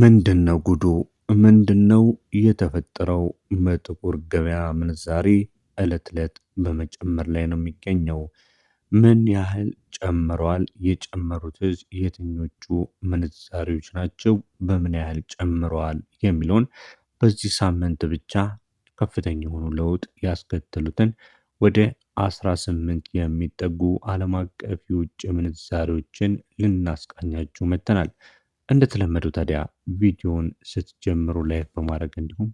ምንድን ነው ጉዱ? ምንድን ነው የተፈጠረው? በጥቁር ገበያ ምንዛሬ ዕለት ዕለት በመጨመር ላይ ነው የሚገኘው። ምን ያህል ጨምረዋል? የጨመሩትስ የትኞቹ ምንዛሬዎች ናቸው? በምን ያህል ጨምረዋል? የሚለውን በዚህ ሳምንት ብቻ ከፍተኛ የሆኑ ለውጥ ያስከተሉትን ወደ 18 የሚጠጉ ዓለም አቀፍ የውጭ ምንዛሬዎችን ልናስቃኛችሁ መጥተናል። እንደተለመደው ታዲያ ቪዲዮውን ስትጀምሩ ላይክ በማድረግ እንዲሁም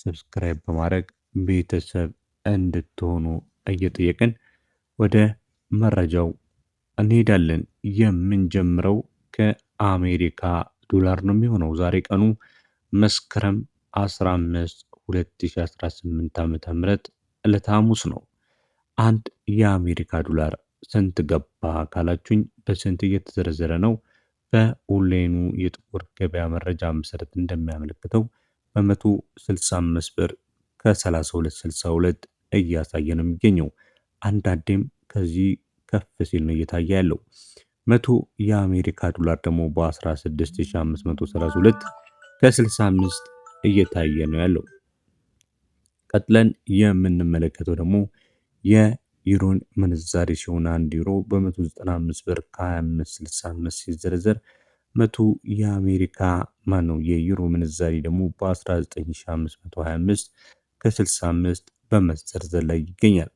ሰብስክራይብ በማድረግ ቤተሰብ እንድትሆኑ እየጠየቅን ወደ መረጃው እንሄዳለን። የምንጀምረው ከአሜሪካ ዶላር ነው የሚሆነው። ዛሬ ቀኑ መስከረም 15 2018 ዓ.ም ዕለተ ሐሙስ ነው። አንድ የአሜሪካ ዶላር ስንት ገባ ካላችሁኝ በስንት እየተዘረዘረ ነው በኦንላይኑ የጥቁር ገበያ መረጃ መሰረት እንደሚያመለክተው በ165 ብር ከ3262 እያሳየ ነው የሚገኘው። አንዳንዴም ከዚህ ከፍ ሲል ነው እየታየ ያለው። መቶ የአሜሪካ ዶላር ደግሞ በ16532 ከ65 እየታየ ነው ያለው። ቀጥለን የምንመለከተው ደግሞ ዩሮን ምንዛሬ ሲሆን አንድ ዩሮ በ195 ብር ከ2565 ሲዘረዘር መቶ የአሜሪካ ማን ነው የዩሮ ምንዛሬ ደግሞ በ19525 ከ65 በመዘርዘር ላይ ይገኛል።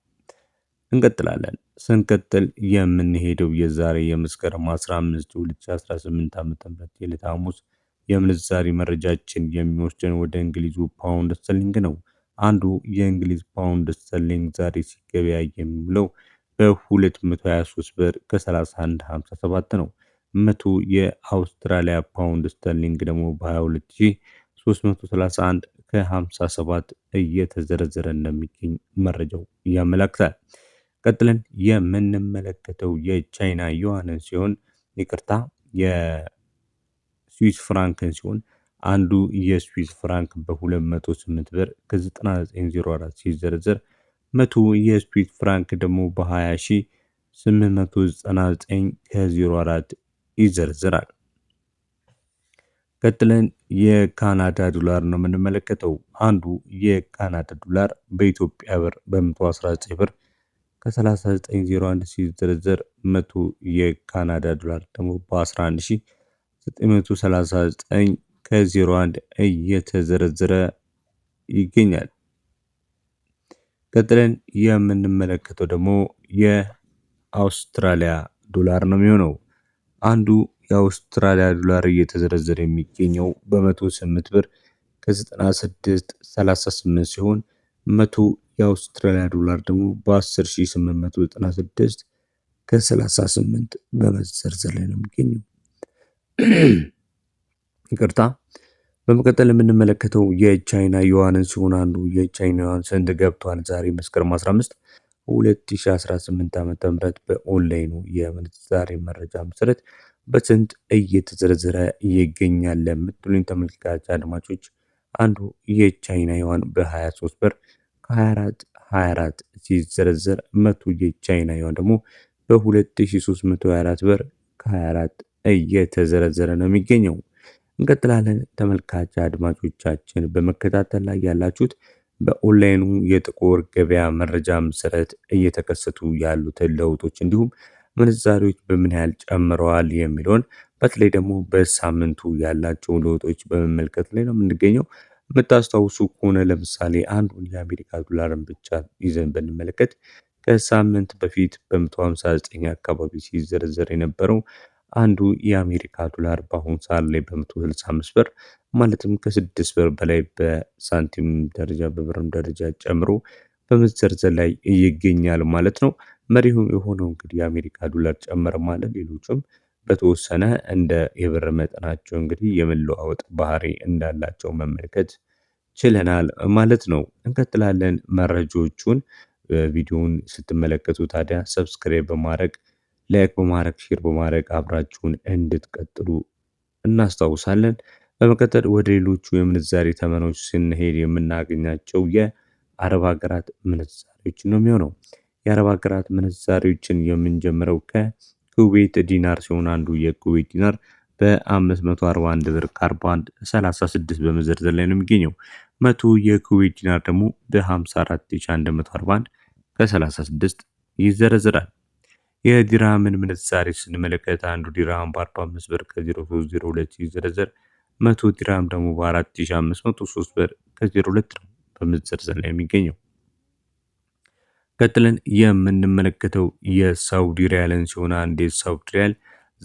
እንቀጥላለን። ስንቀጥል የምንሄደው የዛሬ የመስከረም 15 2018 ዓ.ም የዕለተ ሐሙስ የምንዛሬ መረጃችን የሚወስደን ወደ እንግሊዙ ፓውንድ ስተርሊንግ ነው። አንዱ የእንግሊዝ ፓውንድ ስተርሊንግ ዛሬ ሲገበያ የሚውለው በ223 ብር ከ3157 ነው። መቶ የአውስትራሊያ ፓውንድ ስተርሊንግ ደግሞ በ22331 ከ57 እየተዘረዘረ እንደሚገኝ መረጃው ያመላክታል። ቀጥለን የምንመለከተው የቻይና ዩዋንን ሲሆን ይቅርታ የስዊስ ፍራንክን ሲሆን አንዱ የስዊስ ፍራንክ በ208 ብር ከ9904 ሲዘረዘር መቶ የስዊስ ፍራንክ ደግሞ በ20899 ከ04 ይዘርዝራል። ቀጥለን የካናዳ ዶላር ነው የምንመለከተው። አንዱ የካናዳ ዶላር በኢትዮጵያ ብር በ119 ብር ከ3901 ሲዘረዘር መቶ የካናዳ ዶላር ደግሞ በ11939 ከ01 እየተዘረዘረ ይገኛል። ቀጥለን የምንመለከተው ደግሞ የአውስትራሊያ ዶላር ነው የሚሆነው። አንዱ የአውስትራሊያ ዶላር እየተዘረዘረ የሚገኘው በመቶ 108 ብር ከ9638 ሲሆን መቶ የአውስትራሊያ ዶላር ደግሞ በ10896 ከ38 በመዘርዘር ላይ ነው የሚገኘው። ይቅርታ። በመቀጠል የምንመለከተው የቻይና ዩዋንን ሲሆን አንዱ የቻይና ዩዋን ስንት ገብቷል? ዛሬ መስከረም 15 2018 ዓ ም በኦንላይኑ የምንዛሬ መረጃ መሰረት በስንት እየተዘረዘረ ይገኛል ለምትሉኝ ተመልካች አድማጮች አንዱ የቻይና ዩዋን በ23 ብር ከ24 24 ሲዘረዘር መቶ የቻይና ዩዋን ደግሞ በ2324 ብር ከ24 እየተዘረዘረ ነው የሚገኘው። እንቀጥላለን። ተመልካች አድማጮቻችን በመከታተል ላይ ያላችሁት በኦንላይኑ የጥቁር ገበያ መረጃ መሰረት እየተከሰቱ ያሉትን ለውጦች እንዲሁም ምንዛሪዎች በምን ያህል ጨምረዋል የሚለውን በተለይ ደግሞ በሳምንቱ ያላቸው ለውጦች በመመልከት ላይ ነው የምንገኘው። የምታስታውሱ ከሆነ ለምሳሌ አንዱን የአሜሪካ ዶላርን ብቻ ይዘን ብንመለከት ከሳምንት በፊት በ159 አካባቢ ሲዘረዘር የነበረው አንዱ የአሜሪካ ዶላር በአሁኑ ሰዓት ላይ በ165 ብር ማለትም ከስድስት ብር በላይ በሳንቲም ደረጃ በብርም ደረጃ ጨምሮ በመዘርዘር ላይ ይገኛል ማለት ነው። መሪው የሆነው እንግዲህ የአሜሪካ ዶላር ጨመረ ማለት ሌሎችም በተወሰነ እንደ የብር መጠናቸው እንግዲህ የመለዋወጥ ባህሪ እንዳላቸው መመልከት ችለናል ማለት ነው። እንቀጥላለን መረጃዎቹን ቪዲዮውን ስትመለከቱ ታዲያ ሰብስክራይብ በማድረግ ላይክ በማድረግ ሼር በማድረግ አብራችሁን እንድትቀጥሉ እናስታውሳለን። በመቀጠል ወደ ሌሎቹ የምንዛሬ ተመኖች ስንሄድ የምናገኛቸው የአረብ ሀገራት ምንዛሬዎችን ነው የሚሆነው። የአረብ ሀገራት ምንዛሬዎችን የምንጀምረው ከኩዌት ዲናር ሲሆን አንዱ የኩዌት ዲናር በ541 ብር ከ41 36 በመዘርዘር ላይ ነው የሚገኘው። መቶ የኩዌት ዲናር ደግሞ በ54 141 ከ36 ይዘረዝራል። የዲራምን ምንዛሬ ስንመለከት አንዱ ዲራም በ45 ብር ከ0302 ሲዘረዘር መቶ ዲራም ደግሞ በ4503 ብር ከ02 ነው በመዘርዘር ላይ የሚገኘው። ቀጥለን የምንመለከተው የሳውዲ ሪያልን ሲሆን አንድ የሳውዲ ሪያል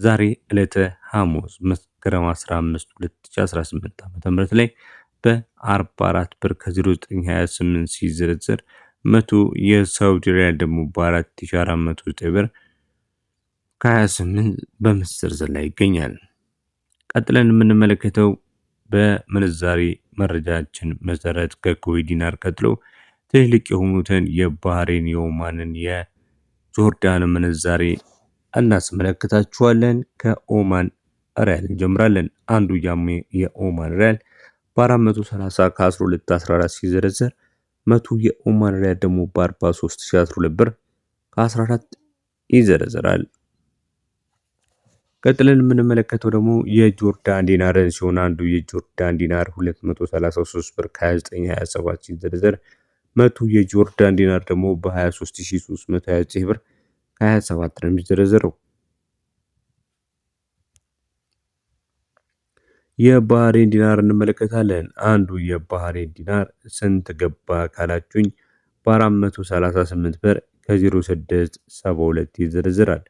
ዛሬ ዕለተ ሐሙስ መስከረም 15 2018 ዓ.ም ላይ በ44 ብር ከ0928 ሲዘረዘር መቶ የሳውዲ ሪያል ደግሞ በ4409 ብር ከ28 በምስርዝር ላይ ይገኛል። ቀጥለን የምንመለከተው በምንዛሬ መረጃችን መሰረት ከኩዌት ዲናር ቀጥሎ ትልቅ የሆኑትን የባህሬን፣ የኦማንን፣ የጆርዳን ምንዛሬ እናስመለክታችኋለን። ከኦማን ሪያል እንጀምራለን። አንዱ ጃሜ የኦማን ሪያል በ430 ከ1214 ሲዘረዘር መቶ የኦማን ሪያል ደግሞ በ43 ብር ከ14 ይዘረዘራል። ቀጥለን የምንመለከተው ደግሞ የጆርዳን ዲናር ሲሆን አንዱ የጆርዳን ዲናር 233 ብር ከ2927 ሲዘረዘር መቶ የጆርዳን ዲናር ደግሞ በ23329 ብር ከ27 ነው የሚዘረዘረው። የባህሬን ዲናር እንመለከታለን። አንዱ የባህሬን ዲናር ስንት ገባ ካላችሁኝ በ438 ብር ከ0672 ይዘረዘራል።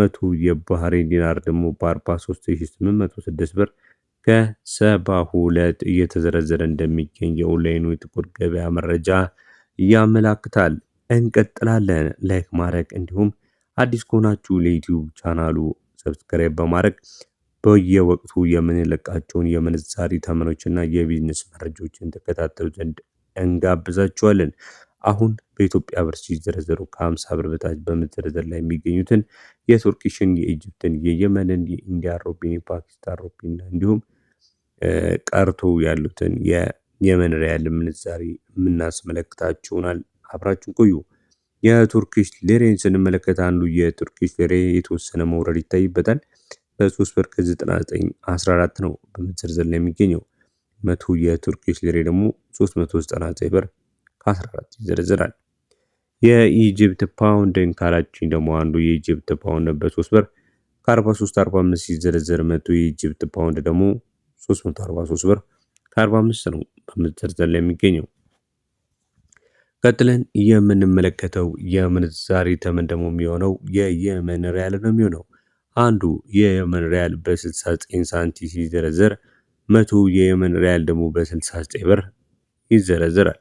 መቶ የባህሬን ዲናር ደግሞ በ43806 ብር ከ72 እየተዘረዘረ እንደሚገኝ የኦንላይኑ የጥቁር ገበያ መረጃ ያመላክታል። እንቀጥላለን። ላይክ ማድረግ እንዲሁም አዲስ ከሆናችሁ ለዩቲዩብ ቻናሉ ሰብስክራይብ በማድረግ በየወቅቱ የምንለቃቸውን የምንዛሪ ተመኖችና የቢዝነስ መረጃዎችን ተከታተሉ ዘንድ እንጋብዛችኋለን። አሁን በኢትዮጵያ ብር ሲዘረዘሩ ከ50 ብር በታች በመዘርዘር ላይ የሚገኙትን የቱርኪሽን፣ የኢጅፕትን፣ የየመንን፣ የኢንዲያ ሮቢን፣ የፓኪስታን ሮቢና እንዲሁም ቀርቶ ያሉትን የየመን ሪያል ምንዛሪ የምናስመለክታችሁናል። አብራችሁ ቆዩ። የቱርኪሽ ሌሬን ስንመለከት አንዱ የቱርኪሽ ሌሬ የተወሰነ መውረድ ይታይበታል። በ3 ብር ከ99 ነው በመዘርዘር ላይ የሚገኘው። መቶ የቱርኪሽ ሌሬ ደግሞ 399 ብር 14 ይዘረዝራል። የኢጅፕት ፓውንድን ካላችኝ ደግሞ አንዱ የኢጅፕት ፓውንድ በ3 ብር ከ43 45 ሲዘረዘር መቶ የኢጅፕት ፓውንድ ደግሞ 343 ብር ከ45 ነው በምዘርዘር ላይ የሚገኘው። ቀጥለን የምንመለከተው የምንዛሪ ተመን ደግሞ የሚሆነው የየመን ሪያል ነው የሚሆነው። አንዱ የየመን ሪያል በ69 ሳንቲ ሲዘረዘር መቶ የየመን ሪያል ደግሞ በ69 ብር ይዘረዘራል።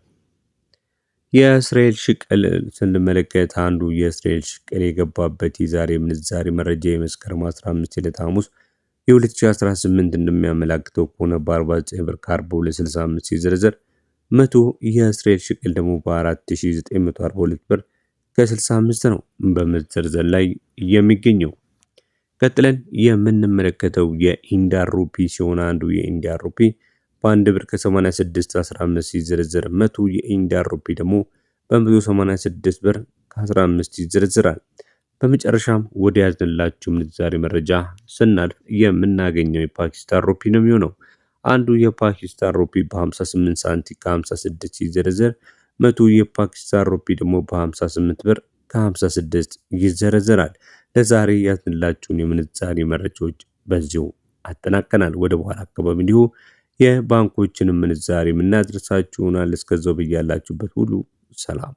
የእስራኤል ሽቅል ስንመለከት አንዱ የእስራኤል ሽቅል የገባበት የዛሬ ምንዛሬ መረጃ የመስከረም 15 ዕለት ሐሙስ የ2018 እንደሚያመላክተው ከሆነ በ49 ብር ከ4265 ሲዘረዘር መ የእስራኤል ሽቅል ደግሞ በ4942 ብር ከ65 ነው በመዘርዘር ላይ የሚገኘው። ቀጥለን የምንመለከተው የኢንዳር ሩፒ ሲሆን አንዱ የኢንዳር ሩፒ በአንድ ብር ከ86 15 ሲዘረዘር መቶ የኢንዲያ ሩፒ ደግሞ በ186 ብር ከ15 ይዘረዝራል። በመጨረሻም ወደ ያዝንላችሁ ምንዛሬ መረጃ ስናልፍ የምናገኘው የፓኪስታን ሩፒ ነው የሚሆነው። አንዱ የፓኪስታን ሩፒ በ58 ሳንቲ ከ56 ሲዘረዘር መቶ የፓኪስታን ሩፒ ደግሞ በ58 ብር ከ56 ይዘረዘራል። ለዛሬ ያዝንላችሁን የምንዛሬ መረጃዎች በዚሁ አጠናቀናል። ወደ በኋላ አካባቢ እንዲሁ የባንኮችንም ምንዛሬ የምናደርሳችሁ ይሆናል። እስከዛው በያላችሁበት ሁሉ ሰላም